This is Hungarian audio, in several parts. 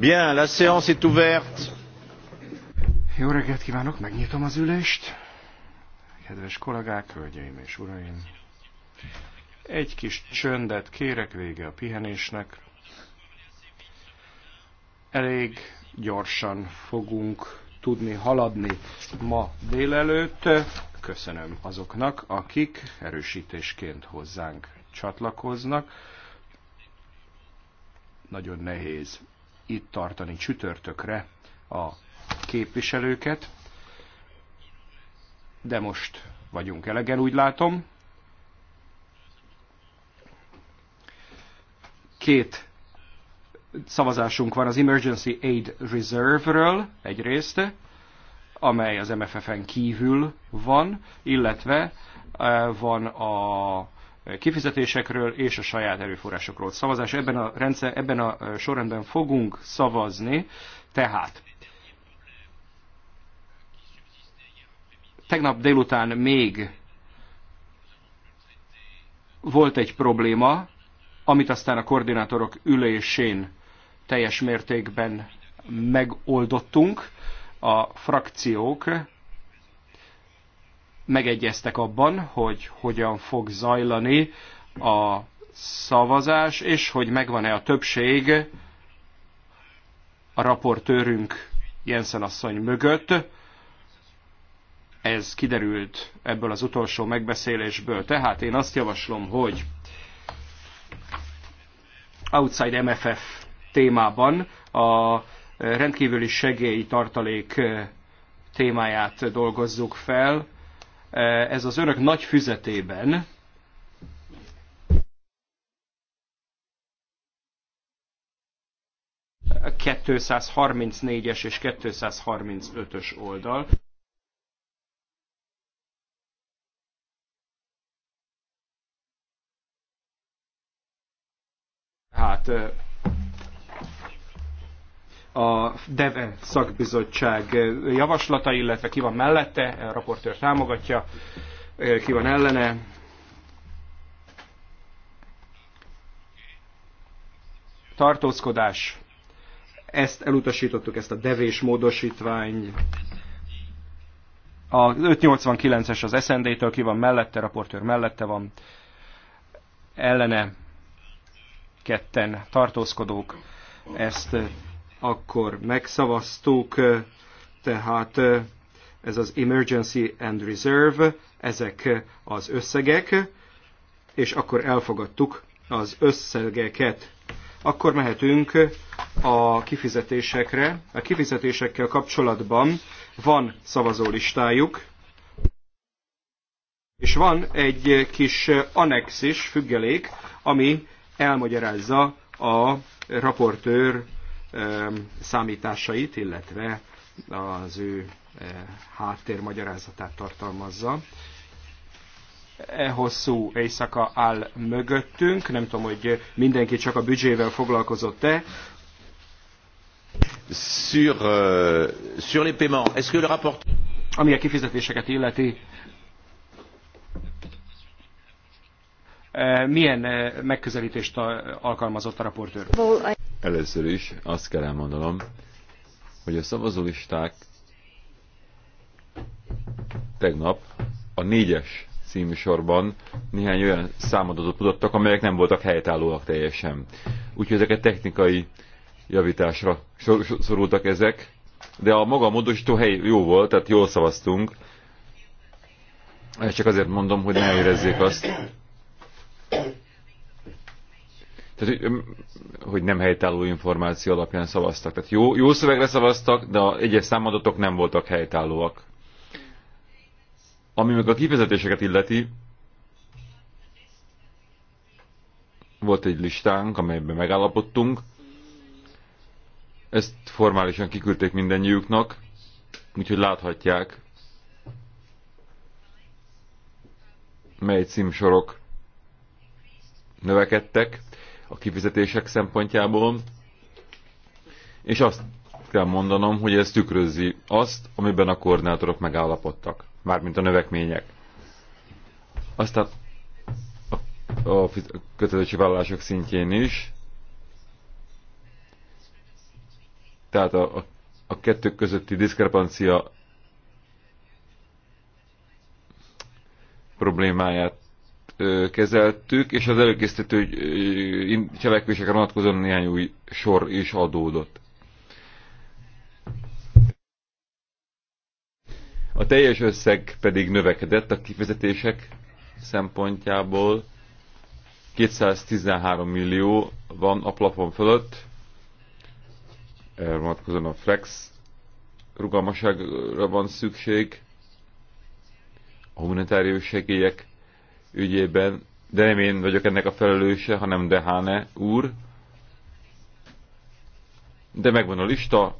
la séance est ouverte. Jó reggelt kívánok, megnyitom az ülést. Kedves kollégák, hölgyeim és uraim. Egy kis csöndet kérek vége a pihenésnek. Elég gyorsan fogunk tudni haladni ma délelőtt. Köszönöm azoknak, akik erősítésként hozzánk csatlakoznak. Nagyon nehéz itt tartani csütörtökre a képviselőket, de most vagyunk elegen, úgy látom. Két szavazásunk van az Emergency Aid Reserve-ről egyrészt, amely az MFF-en kívül van, illetve eh, van a kifizetésekről és a saját erőforrásokról szavazás. Ebben a, rendszer, ebben a sorrendben fogunk szavazni, tehát tegnap délután még volt egy probléma, amit aztán a koordinátorok ülésén teljes mértékben megoldottunk. A frakciók megegyeztek abban, hogy hogyan fog zajlani a szavazás, és hogy megvan-e a többség a raportőrünk Jensen asszony mögött. Ez kiderült ebből az utolsó megbeszélésből. Tehát én azt javaslom, hogy outside MFF témában a rendkívüli segélytartalék témáját dolgozzuk fel, Eh, ez az örök nagy füzetében a 234-es és 235-ös oldal. Hát eh, a DEVE szakbizottság javaslata, illetve ki van mellette, a raportőr támogatja, ki van ellene. Tartózkodás. Ezt elutasítottuk, ezt a devés módosítvány. A 589-es az SND-től ki van mellette, raportőr mellette van. Ellene ketten tartózkodók. Ezt akkor megszavaztuk, tehát ez az Emergency and Reserve, ezek az összegek, és akkor elfogadtuk az összegeket. Akkor mehetünk a kifizetésekre. A kifizetésekkel kapcsolatban van szavazólistájuk, és van egy kis anexis függelék, ami elmagyarázza a raportőr számításait, illetve az ő e, háttérmagyarázatát tartalmazza. E hosszú éjszaka áll mögöttünk, nem tudom, hogy mindenki csak a büdzsével foglalkozott-e. Sur, euh, sur les paiements, est-ce que le rapport... Ami a kifizetéseket illeti, e, milyen e, megközelítést alkalmazott a raportőr? Először is azt kell elmondanom, hogy a szavazólisták tegnap a négyes című sorban néhány olyan számadatot tudottak, amelyek nem voltak helytállóak teljesen. Úgyhogy ezeket technikai javításra szorultak ezek, de a maga módosító hely jó volt, tehát jól szavaztunk. Ezt csak azért mondom, hogy ne érezzék azt, tehát, hogy, hogy nem helytálló információ alapján szavaztak. Tehát jó, jó szövegre szavaztak, de egyes számadatok nem voltak helytállóak. Ami meg a kifezetéseket illeti, volt egy listánk, amelyben megállapodtunk. Ezt formálisan kiküldték mindennyiüknek, úgyhogy láthatják, mely címsorok növekedtek, a kifizetések szempontjából, és azt kell mondanom, hogy ez tükrözi azt, amiben a koordinátorok megállapodtak, mármint a növekmények. Aztán a, a vállalások szintjén is, tehát a, a, a kettő közötti diszkrepancia problémáját kezeltük, és az előkészítő cselekvésekre vonatkozóan néhány új sor is adódott. A teljes összeg pedig növekedett a kifizetések szempontjából. 213 millió van a plafon fölött, erre vonatkozóan a flex rugalmasságra van szükség, a humanitárius segélyek ügyében, de nem én vagyok ennek a felelőse, hanem Dehane úr. De megvan a lista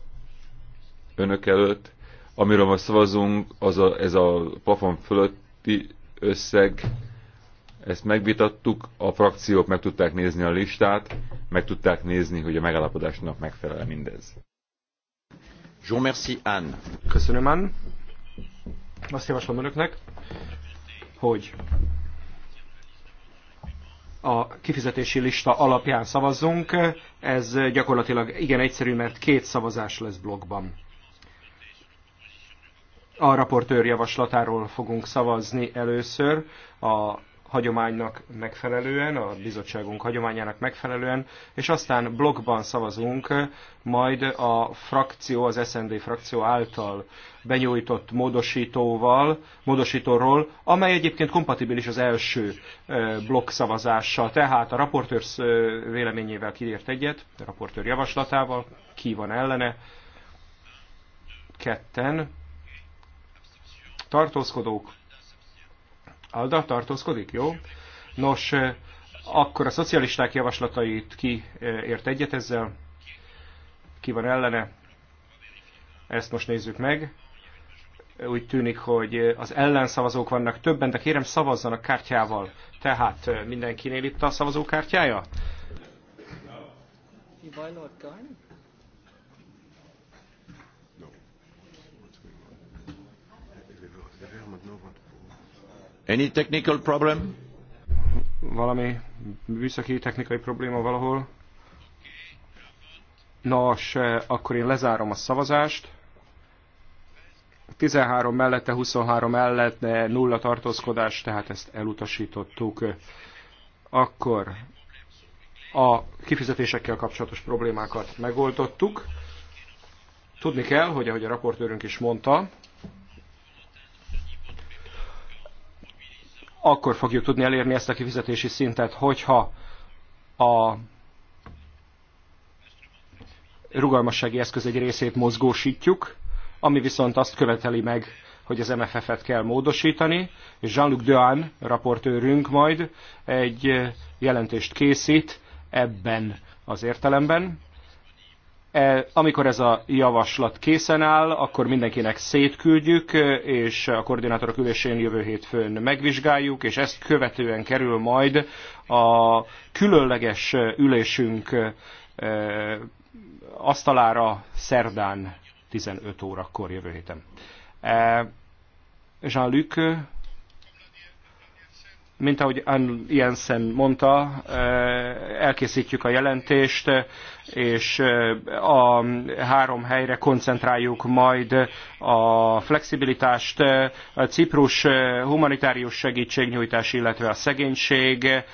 önök előtt, amiről most szavazunk, az a, ez a plafon fölötti összeg, ezt megvitattuk, a frakciók meg tudták nézni a listát, meg tudták nézni, hogy a megállapodásnak megfelel mindez. Jó, merci, Anne. Köszönöm, Anne. Azt javaslom önöknek, hogy a kifizetési lista alapján szavazzunk. Ez gyakorlatilag igen egyszerű, mert két szavazás lesz blogban. A raportőr javaslatáról fogunk szavazni először a hagyománynak megfelelően, a bizottságunk hagyományának megfelelően, és aztán blogban szavazunk, majd a frakció, az SND frakció által benyújtott módosítóval, módosítóról, amely egyébként kompatibilis az első blokk szavazással. Tehát a raportőr véleményével kiért egyet, a raportőr javaslatával, ki van ellene, ketten, tartózkodók, Alda tartózkodik, jó? Nos, eh, akkor a szocialisták javaslatait ki eh, ért egyet ezzel? Ki van ellene? Ezt most nézzük meg. Úgy tűnik, hogy eh, az ellenszavazók vannak többen, de kérem szavazzanak kártyával. Tehát mindenkinél itt a szavazókártyája? Kivajlott Any technical problem? Valami műszaki technikai probléma valahol. Nos, eh, akkor én lezárom a szavazást. 13 mellette, 23 de nulla tartózkodás, tehát ezt elutasítottuk. Akkor a kifizetésekkel kapcsolatos problémákat megoldottuk. Tudni kell, hogy ahogy a raportőrünk is mondta, akkor fogjuk tudni elérni ezt a kifizetési szintet, hogyha a rugalmassági eszköz egy részét mozgósítjuk, ami viszont azt követeli meg, hogy az MFF-et kell módosítani, és Jean-Luc Dehan, raportőrünk majd egy jelentést készít ebben az értelemben. E, amikor ez a javaslat készen áll, akkor mindenkinek szétküldjük, e, és a koordinátorok ülésén jövő hétfőn megvizsgáljuk, és ezt követően kerül majd a különleges ülésünk e, asztalára szerdán 15 órakor jövő héten. Jean-Luc mint ahogy Ann Jensen mondta, eh, elkészítjük a jelentést, és eh, a három helyre koncentráljuk majd a flexibilitást, eh, a Ciprus humanitárius segítségnyújtás, illetve a szegénység,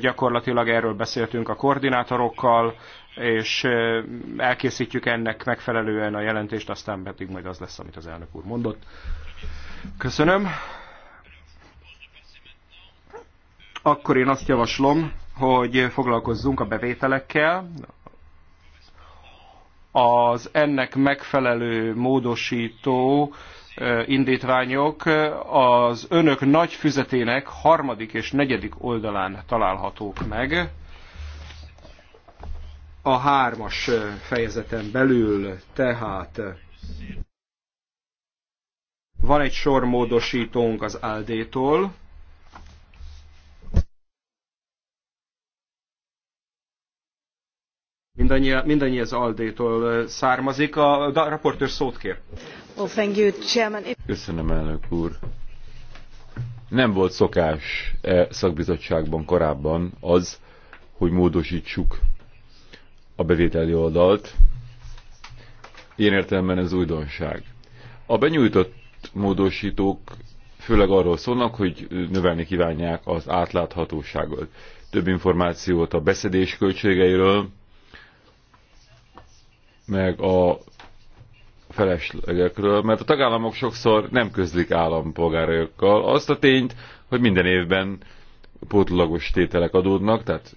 gyakorlatilag erről beszéltünk a koordinátorokkal, és elkészítjük ennek megfelelően a jelentést, aztán pedig majd az lesz, amit az elnök úr mondott. Köszönöm akkor én azt javaslom, hogy foglalkozzunk a bevételekkel, az ennek megfelelő módosító indítványok az önök nagy füzetének harmadik és negyedik oldalán találhatók meg. A hármas fejezeten belül tehát van egy sor módosítónk az Aldétól, mindannyi, mindannyi az Aldétól származik. A, raportőr szót kér. Well, thank you, Chairman. Köszönöm, elnök úr. Nem volt szokás e szakbizottságban korábban az, hogy módosítsuk a bevételi oldalt. Ilyen értelemben ez újdonság. A benyújtott módosítók főleg arról szólnak, hogy növelni kívánják az átláthatóságot. Több információt a beszedés költségeiről, meg a feleslegekről, mert a tagállamok sokszor nem közlik állampolgárokkal, azt a tényt, hogy minden évben pótlagos tételek adódnak, tehát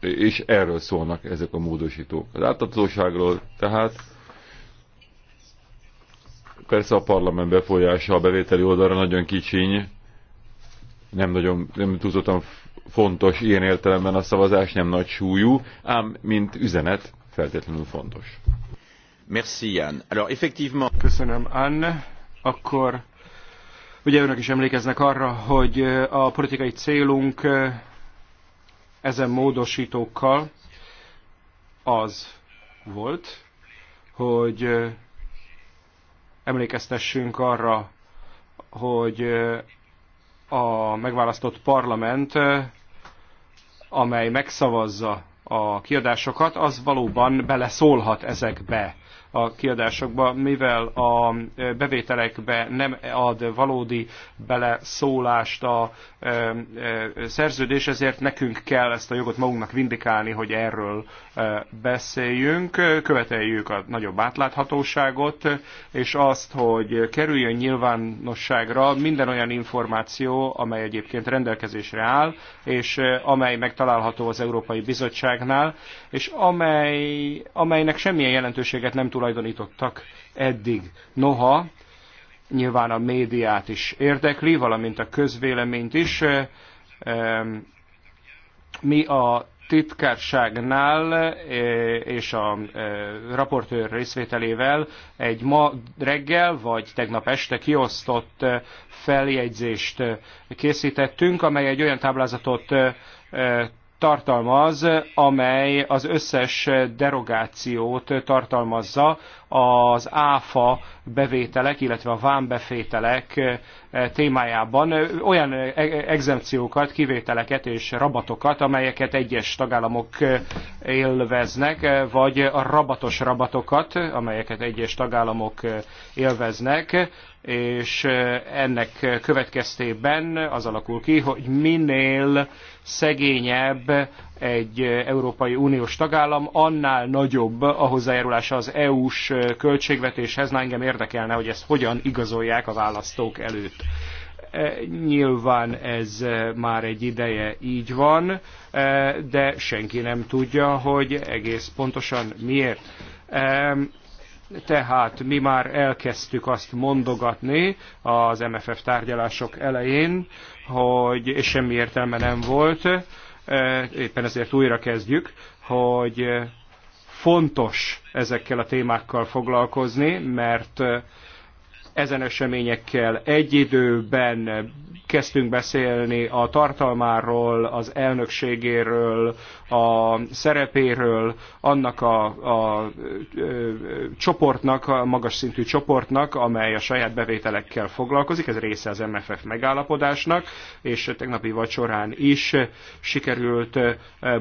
és erről szólnak ezek a módosítók. Az átadhatóságról tehát persze a parlament befolyása a bevételi oldalra nagyon kicsiny, nem nagyon nem túlzottan fontos ilyen értelemben a szavazás, nem nagy súlyú, ám mint üzenet feltétlenül fontos. Merci, Jan. Alors, effectivement... Köszönöm, Anne. Akkor ugye önök is emlékeznek arra, hogy a politikai célunk ezen módosítókkal az volt, hogy emlékeztessünk arra, hogy a megválasztott parlament, amely megszavazza a kiadásokat, az valóban beleszólhat ezekbe a kiadásokba, mivel a bevételekbe nem ad valódi beleszólást a szerződés, ezért nekünk kell ezt a jogot magunknak vindikálni, hogy erről beszéljünk. Követeljük a nagyobb átláthatóságot, és azt, hogy kerüljön nyilvánosságra minden olyan információ, amely egyébként rendelkezésre áll, és amely megtalálható az Európai Bizottságnál, és amely, amelynek semmilyen jelentőséget nem tud tulajdonítottak eddig. Noha nyilván a médiát is érdekli, valamint a közvéleményt is. Mi a titkárságnál és a raportőr részvételével egy ma reggel vagy tegnap este kiosztott feljegyzést készítettünk, amely egy olyan táblázatot tartalmaz, amely az összes derogációt tartalmazza az áfa bevételek, illetve a vámbefételek eh, témájában olyan e- e- exempciókat, kivételeket és rabatokat, amelyeket egyes tagállamok eh, élveznek, eh, vagy a rabatos rabatokat, amelyeket egyes tagállamok élveznek és ennek következtében az alakul ki, hogy minél szegényebb egy Európai Uniós tagállam, annál nagyobb a hozzájárulása az EU-s költségvetéshez. Na engem érdekelne, hogy ezt hogyan igazolják a választók előtt. Nyilván ez már egy ideje így van, de senki nem tudja, hogy egész pontosan miért tehát mi már elkezdtük azt mondogatni az MFF tárgyalások elején, hogy és semmi értelme nem volt, e, éppen ezért újra kezdjük, hogy fontos ezekkel a témákkal foglalkozni, mert ezen eseményekkel egy időben kezdtünk beszélni a tartalmáról, az elnökségéről, a szerepéről, annak a, a, a csoportnak, a magas szintű csoportnak, amely a saját bevételekkel foglalkozik, ez része az MFF megállapodásnak, és tegnapi vacsorán is sikerült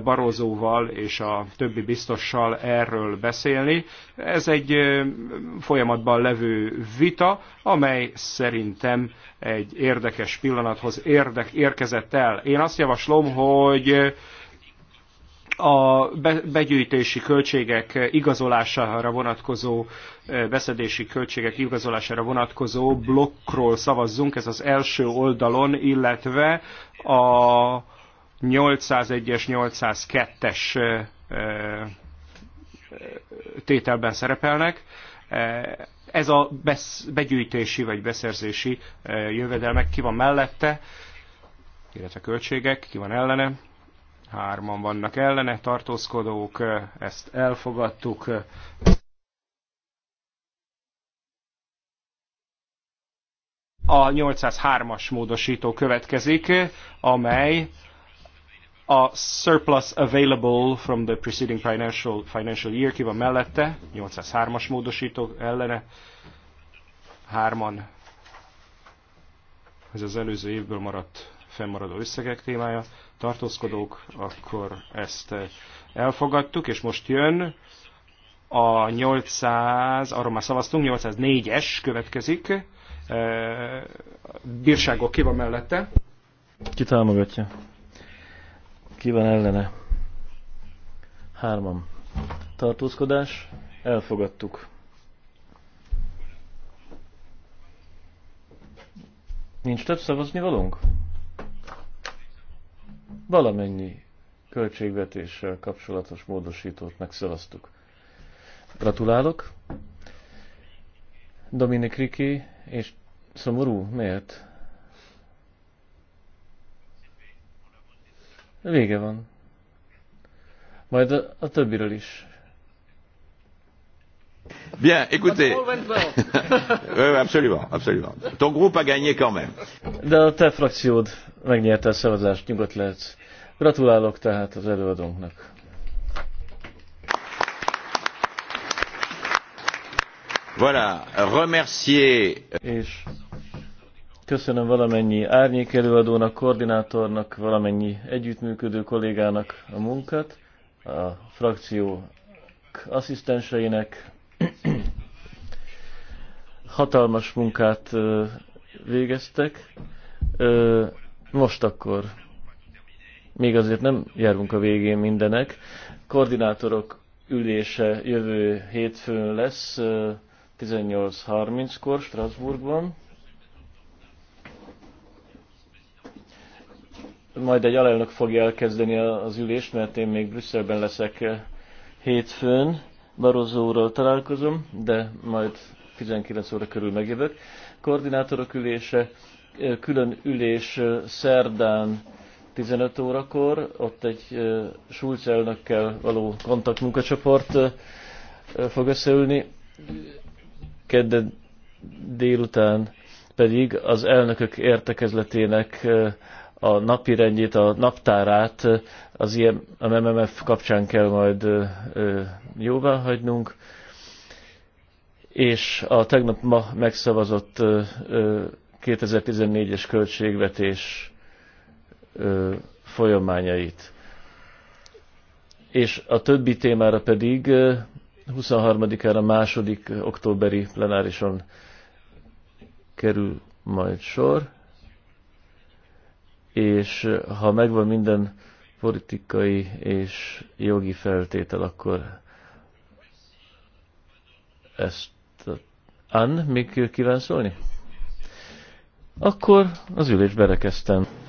Barozóval és a többi biztossal erről beszélni. Ez egy folyamatban levő vita, amely szerintem egy érdekes pillanathoz érdek, érkezett el. Én azt javaslom, hogy a begyűjtési költségek igazolására vonatkozó, e, beszedési költségek igazolására vonatkozó blokkról szavazzunk, ez az első oldalon, illetve a 801-es, 802-es e, e, tételben szerepelnek. Eh, ez a begyűjtési vagy beszerzési eh, jövedelmek ki van mellette, illetve költségek, ki van ellene. Hárman vannak ellene, tartózkodók, eh, ezt elfogadtuk. A 803-as módosító következik, amely a surplus available from the preceding financial, financial year ki van mellette, 803-as módosító ellene, hárman, ez az előző évből maradt fennmaradó összegek témája, tartózkodók, akkor ezt elfogadtuk, és most jön a 800, arról már szavaztunk, 804-es következik, e, bírságok ki van mellette. Ki támogatja? Ki van ellene? Hárman. Tartózkodás. Elfogadtuk. Nincs több szavazni valunk. Valamennyi költségvetéssel kapcsolatos módosítót megszavaztuk. Gratulálok! Dominik Riki, és szomorú, miért? Vége van. Majd a, a többiről is. Bien, écoutez. oui, absolument, absolument. Ton groupe a gagné quand même. De a te frakciód megnyerte a szavazást, nyugodt lehetsz. Gratulálok tehát az előadónknak. Voilà, remercier. És Köszönöm valamennyi árnyék előadónak, koordinátornak, valamennyi együttműködő kollégának a munkát, a frakció asszisztenseinek. Hatalmas munkát végeztek. Most akkor még azért nem járunk a végén mindenek. Koordinátorok ülése jövő hétfőn lesz 18.30-kor Strasbourgban. majd egy alelnök fogja elkezdeni az ülést, mert én még Brüsszelben leszek eh, hétfőn. Barozóról találkozom, de majd 19 óra körül megjövök. Koordinátorok ülése, eh, külön ülés eh, szerdán 15 órakor, ott egy Schulz elnökkel való kontaktmunkacsoport fog összeülni. Kedden délután pedig az elnökök értekezletének a napi rendjét, a naptárát az ilyen, a MMF kapcsán kell majd jóvá hagynunk, és a tegnap ma megszavazott 2014-es költségvetés folyamányait. És a többi témára pedig 23-ára második októberi plenárison kerül majd sor és ha megvan minden politikai és jogi feltétel, akkor ezt Ann, még kíván szólni? Akkor az ülés berekeztem.